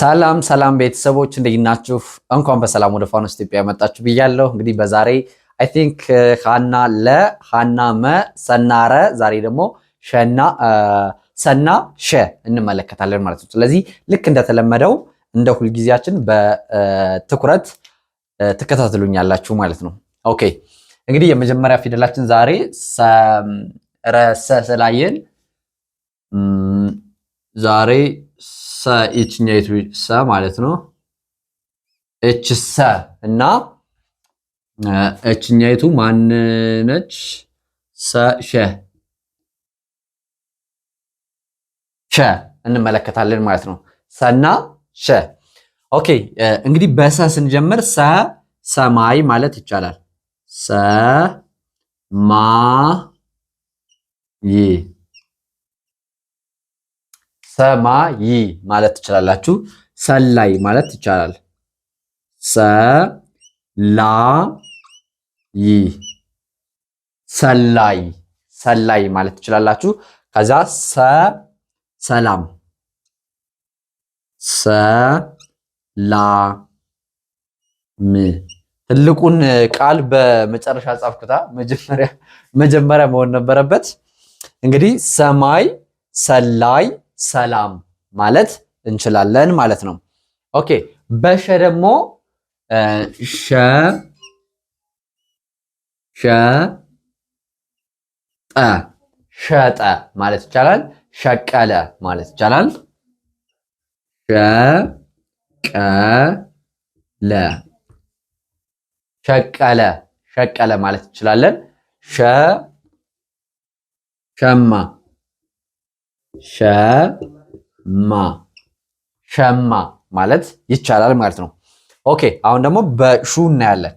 ሰላም ሰላም ቤተሰቦች እንደምን ናችሁ? እንኳን በሰላም ወደ ፋኖስ ኢትዮጵያ መጣችሁ ብያለሁ። እንግዲህ በዛሬ አይ ቲንክ ሃና ለ ሃና መ ሰናረ ዛሬ ደግሞ ሸና ሰና ሸ እንመለከታለን ማለት ነው። ስለዚህ ልክ እንደተለመደው እንደ ሁልጊዜያችን በትኩረት ትከታተሉኛላችሁ ማለት ነው። ኦኬ እንግዲህ የመጀመሪያ ፊደላችን ዛሬ ረሰ ስላየን ዛሬ ሰ ይችኛይቱ ሰ ማለት ነው። እች ሰ እና እችኛይቱ ማንነች? ሰ ሸ ሸ እንመለከታለን ማለት ነው። ሰና ሸ። ኦኬ እንግዲህ በሰ ስንጀምር ሰ ሰማይ ማለት ይቻላል። ሰ ማ ይ ሰማይ ማለት ትችላላችሁ። ሰላይ ማለት ይቻላል። ይ ሰላይ ሰላይ ማለት ትችላላችሁ። ከዛ ሰ ሰላም ም ትልቁን ቃል በመጨረሻ ጻፍኩታ። መጀመሪያ መጀመሪያ መሆን ነበረበት። እንግዲህ ሰማይ ሰላይ ሰላም ማለት እንችላለን ማለት ነው። ኦኬ በሸ ደግሞ ሸ ሸ ጠ ሸጠ ማለት ይቻላል። ሸቀለ ማለት ይቻላል። ሸቀለ ሸቀለ ሸቀለ ማለት እንችላለን። ሸ ሸማ ሸማ ሸማ ማለት ይቻላል ማለት ነው። ኦኬ አሁን ደግሞ በሹ እናያለን።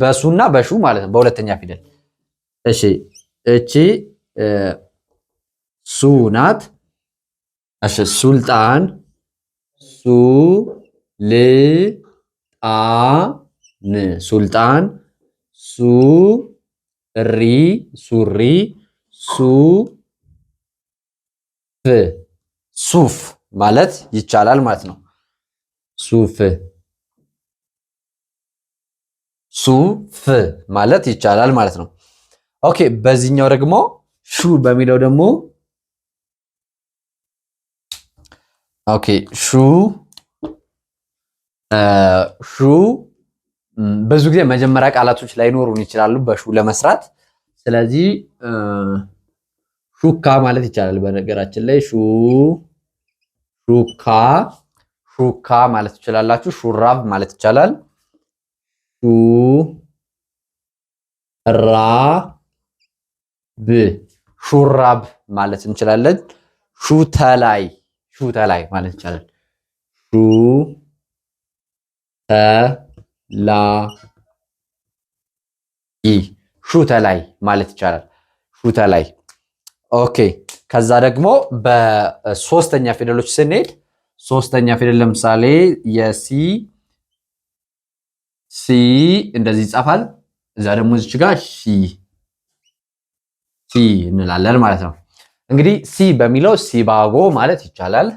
በሱና በሹ ማለት ነው በሁለተኛ ፊደል። እሺ እቺ ሱ ናት። እሺ ሱልጣን ሱ ል ጣ ን ሱልጣን ሱ ሪ ሱሪ ሱ ሱፍ ማለት ይቻላል ማለት ነው። ሱፍ ሱፍ ማለት ይቻላል ማለት ነው። ኦኬ በዚህኛው ደግሞ ሹ በሚለው ደግሞ ኦኬ ሹ ሹ ብዙ ጊዜ መጀመሪያ ቃላቶች ላይኖሩን ይችላሉ በሹ ለመስራት ስለዚህ ሹካ ማለት ይቻላል። በነገራችን ላይ ሹ ሹካ ሹካ ማለት ትችላላችሁ። ሹራብ ማለት ይቻላል። ሹ ራ ብ ሹራብ ማለት እንችላለን። ሹ ተላይ ማለት ይቻላል። ሹ ተ ላ ይ ተላይ ማለት ይቻላል። ሹተላይ ኦኬ። ከዛ ደግሞ በሶስተኛ ፊደሎች ስንሄድ ሶስተኛ ፊደል ለምሳሌ የሲ ሲ እንደዚህ ይጻፋል። እዛ ደግሞ እዚች ጋ ሺ ሲ እንላለን ማለት ነው። እንግዲህ ሲ በሚለው ሲባጎ ማለት ይቻላል።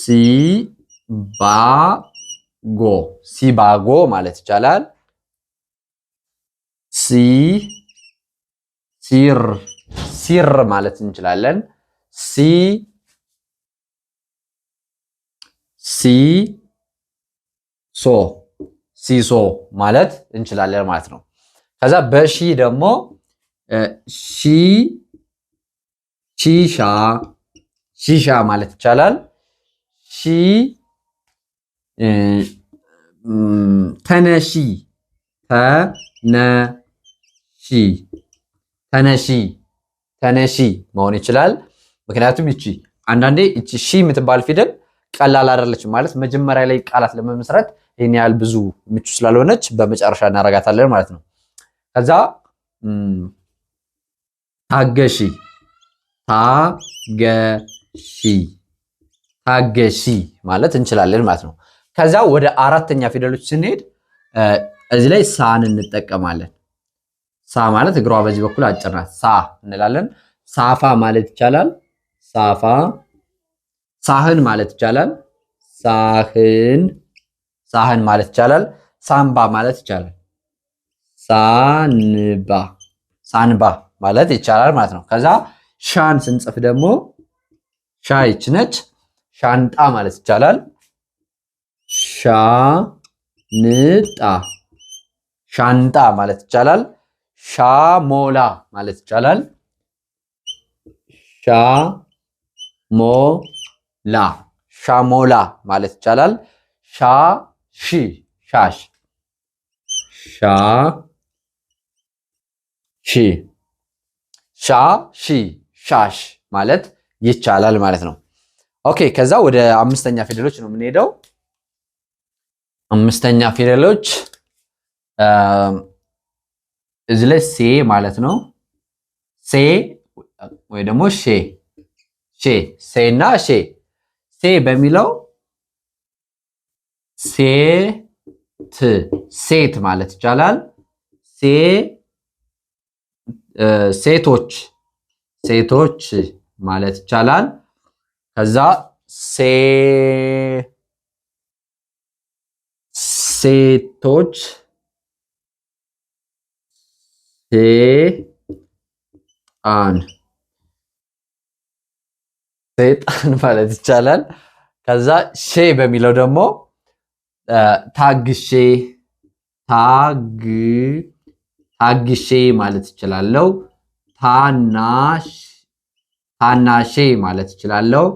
ሲባጎ ሲባጎ ማለት ይቻላል። ሲ ሲር ሲር ማለት እንችላለን። ሲ ሲ ሶ ሲሶ ማለት እንችላለን ማለት ነው። ከዛ በሺ ደግሞ ሺ ሺሻ ሺሻ ማለት ይቻላል። ሺ ተነሺ ተነሺ ተነሺ ተነሺ መሆን ይችላል። ምክንያቱም ይቺ አንዳንዴ ይቺ ሺ የምትባል ፊደል ቀላል አይደለችም። ማለት መጀመሪያ ላይ ቃላት ለመመስረት ይህን ያህል ብዙ ምቹ ስላልሆነች በመጨረሻ እናረጋታለን ማለት ነው። ከዛ ታገሺ ታገሺ ታገሺ ማለት እንችላለን ማለት ነው። ከዛ ወደ አራተኛ ፊደሎች ስንሄድ እዚህ ላይ ሳን እንጠቀማለን። ሳ ማለት እግሯ በዚህ በኩል አጭር ናት። ሳ እንላለን። ሳፋ ማለት ይቻላል። ሳፋ። ሳህን ማለት ይቻላል። ሳህን። ሳህን ማለት ይቻላል። ሳንባ ማለት ይቻላል። ሳንባ ሳንባ ማለት ይቻላል ማለት ነው። ከዛ ሻን ስንጽፍ ደግሞ ሻ ይች ነች። ሻንጣ ማለት ይቻላል። ሻንጣ ሻንጣ ማለት ይቻላል። ሻሞላ ማለት ይቻላል። ሻሞላ ሻሞላ ማለት ይቻላል። ሻሺ ሻሽ ሻሺ ሺ ሻሽ ማለት ይቻላል ማለት ነው። ኦኬ ከዛ ወደ አምስተኛ ፊደሎች ነው የምንሄደው። አምስተኛ ፊደሎች እዚ ላይ ሴ ማለት ነው። ሴ ወይ ደግሞ ሼ ሼ ሴ እና ሼ ሴ በሚለው ሴት ሴት ማለት ይቻላል። ሴ ሴቶች ሴቶች ማለት ይቻላል። ከዛ ሴ ሴቶች ሴጣን ሴጣን ማለት ይቻላል። ከዛ ሼ በሚለው ደግሞ ታግሼ ታግ ታግሼ ማለት ይችላለው። ታናሽ ታናሼ ማለት ይችላለው።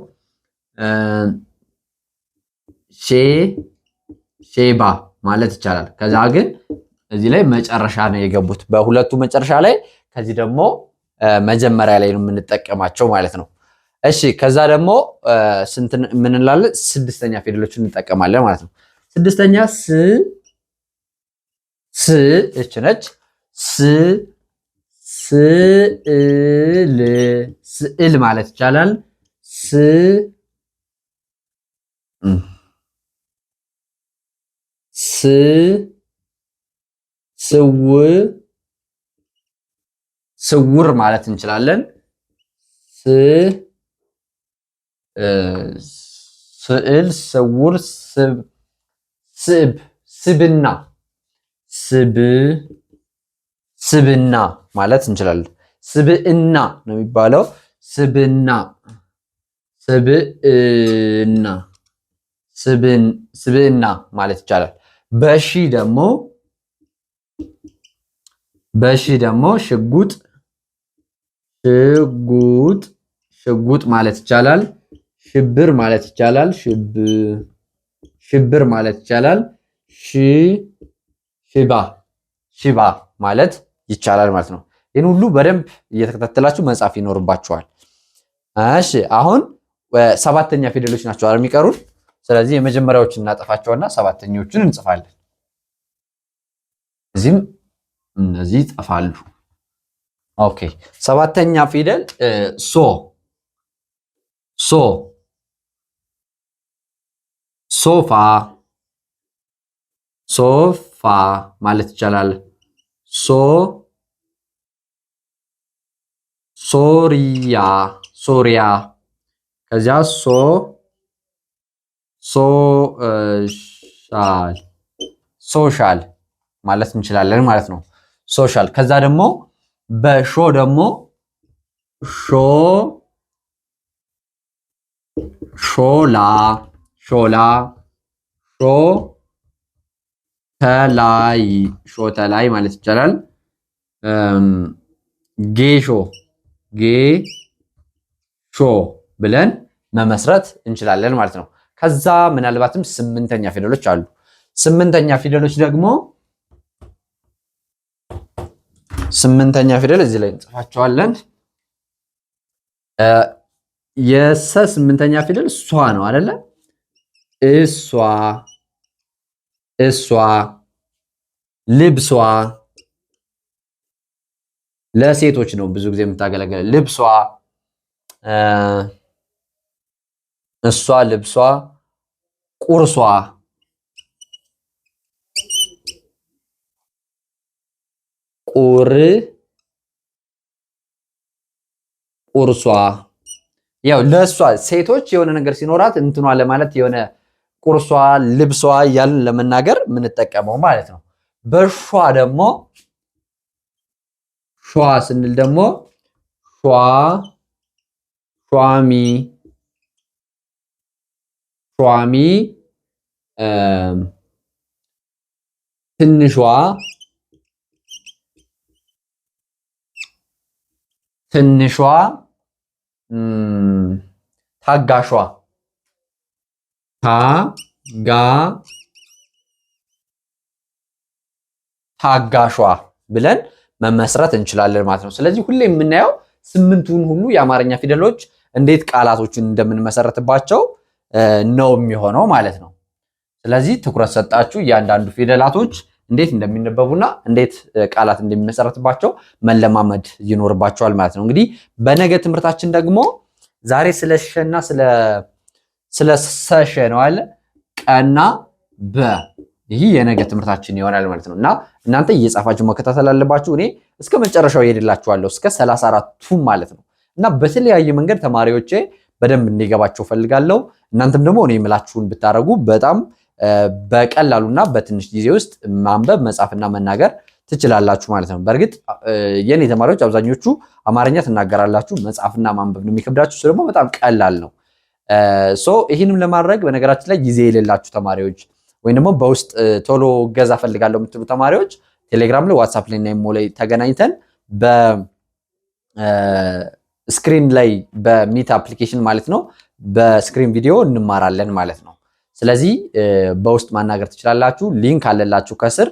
ሼ ሼባ ማለት ይቻላል። ከዛ ግን እዚህ ላይ መጨረሻ ነው የገቡት። በሁለቱ መጨረሻ ላይ ከዚህ ደግሞ መጀመሪያ ላይ ነው የምንጠቀማቸው ማለት ነው። እሺ ከዛ ደግሞ ስንት ስድስተኛ ፊደሎችን እንጠቀማለን ማለት ነው። ስድስተኛ ስ ስ እች ነች ስ ስዕል ስዕል ማለት ይቻላል። ስ ስ ስውር ማለት እንችላለን። ስዕል፣ ስውር፣ ስብ፣ ስብና ስብ ስብና ማለት እንችላለን። ስብእና ነው የሚባለው። ስብና ስብእና ስብእና ማለት ይቻላል። በሺ ደግሞ በሺ ደግሞ ሽጉጥ ሽጉጥ ሽጉጥ ማለት ይቻላል። ሽብር ማለት ይቻላል። ሽብር ማለት ይቻላል። ሺ ሽባ ሽባ ማለት ይቻላል ማለት ነው። ይህን ሁሉ በደንብ እየተከታተላችሁ መጻፍ ይኖርባችኋል። እሺ አሁን ሰባተኛ ፊደሎች ናቸው የሚቀሩን። ስለዚህ የመጀመሪያዎችን እናጠፋቸውና ሰባተኞቹን እንጽፋለን። ጊዜም እነዚህ ይጠፋሉ። ኦኬ ሰባተኛ ፊደል ሶ ሶ ሶፋ ሶፋ ማለት ይቻላል። ሶ ሶሪያ ሶሪያ ከዚያ ሶ ሶሻል ሶሻል ማለት እንችላለን ማለት ነው። ሶሻል ከዛ ደግሞ በሾ ደግሞ ሾ ሾላ ሾላ ሾ ተላይ ሾ ተላይ ማለት ይቻላል። ጌሾ ሾ ብለን መመስረት እንችላለን ማለት ነው። ከዛ ምናልባትም ስምንተኛ ፊደሎች አሉ። ስምንተኛ ፊደሎች ደግሞ ስምንተኛ ፊደል እዚህ ላይ እንጽፋቸዋለን። የሰ ስምንተኛ ፊደል እሷ ነው አይደለ? እሷ እሷ ልብሷ ለሴቶች ነው ብዙ ጊዜ የምታገለግለው። ልብሷ እሷ ልብሷ ቁርሷ ቁር ቁርሷ ያው ለእሷ ሴቶች የሆነ ነገር ሲኖራት እንትኗ ለማለት የሆነ ቁርሷ ልብሷ እያልን ለመናገር የምንጠቀመው ማለት ነው። በሿ ደግሞ ሿ ስንል ደግሞ ሿ ሿሚ ሿሚ ትንሿ ትንሿ ታጋሿ ታጋ ታጋሿ ብለን መመስረት እንችላለን ማለት ነው። ስለዚህ ሁሌ የምናየው ስምንቱን ሁሉ የአማርኛ ፊደሎች እንዴት ቃላቶችን እንደምንመሰረትባቸው ነው የሚሆነው ማለት ነው። ስለዚህ ትኩረት ሰጣችሁ እያንዳንዱ ፊደላቶች እንዴት እንደሚነበቡና እንዴት ቃላት እንደሚመሰረትባቸው መለማመድ ይኖርባቸዋል ማለት ነው። እንግዲህ በነገ ትምህርታችን ደግሞ ዛሬ ስለ ሸና ስለ ሰሸ ነው አለ ቀና በ ይህ የነገ ትምህርታችን ይሆናል ማለት ነው እና እናንተ እየጻፋችሁ መከታተል አለባችሁ። እኔ እስከ መጨረሻው ይሄድላችኋለሁ እስከ ሰላሳ ቱ ማለት ነው እና በተለያየ መንገድ ተማሪዎቼ በደንብ እንዲገባቸው ፈልጋለሁ። እናንተም ደግሞ እኔ የምላችሁን ብታደርጉ በጣም በቀላሉና በትንሽ ጊዜ ውስጥ ማንበብ መጻፍና መናገር ትችላላችሁ ማለት ነው። በእርግጥ የኔ ተማሪዎች አብዛኞቹ አማርኛ ትናገራላችሁ፣ መጻፍና ማንበብ ነው የሚከብዳችሁ። እሱ ደግሞ በጣም ቀላል ነው። ሶ ይህንም ለማድረግ በነገራችን ላይ ጊዜ የሌላችሁ ተማሪዎች ወይም ደግሞ በውስጥ ቶሎ እገዛ ፈልጋለሁ የምትሉ ተማሪዎች ቴሌግራም ላይ፣ ዋትሳፕ ላይ እና ኢሞ ላይ ተገናኝተን በስክሪን ላይ በሚት አፕሊኬሽን ማለት ነው በስክሪን ቪዲዮ እንማራለን ማለት ነው። ስለዚህ በውስጥ ማናገር ትችላላችሁ። ሊንክ አለላችሁ ከስር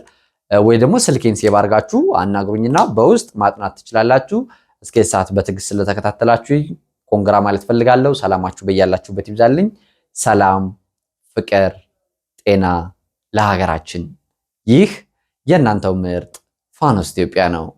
ወይ ደግሞ ስልኬን ሴቭ አድርጋችሁ አናግሩኝና በውስጥ ማጥናት ትችላላችሁ። እስከ ሰዓት በትዕግስት ስለተከታተላችሁ ኮንግራ ማለት ፈልጋለሁ። ሰላማችሁ በያላችሁበት ይብዛልኝ። ሰላም፣ ፍቅር፣ ጤና ለሀገራችን። ይህ የእናንተው ምርጥ ፋኖስ ኢትዮጵያ ነው።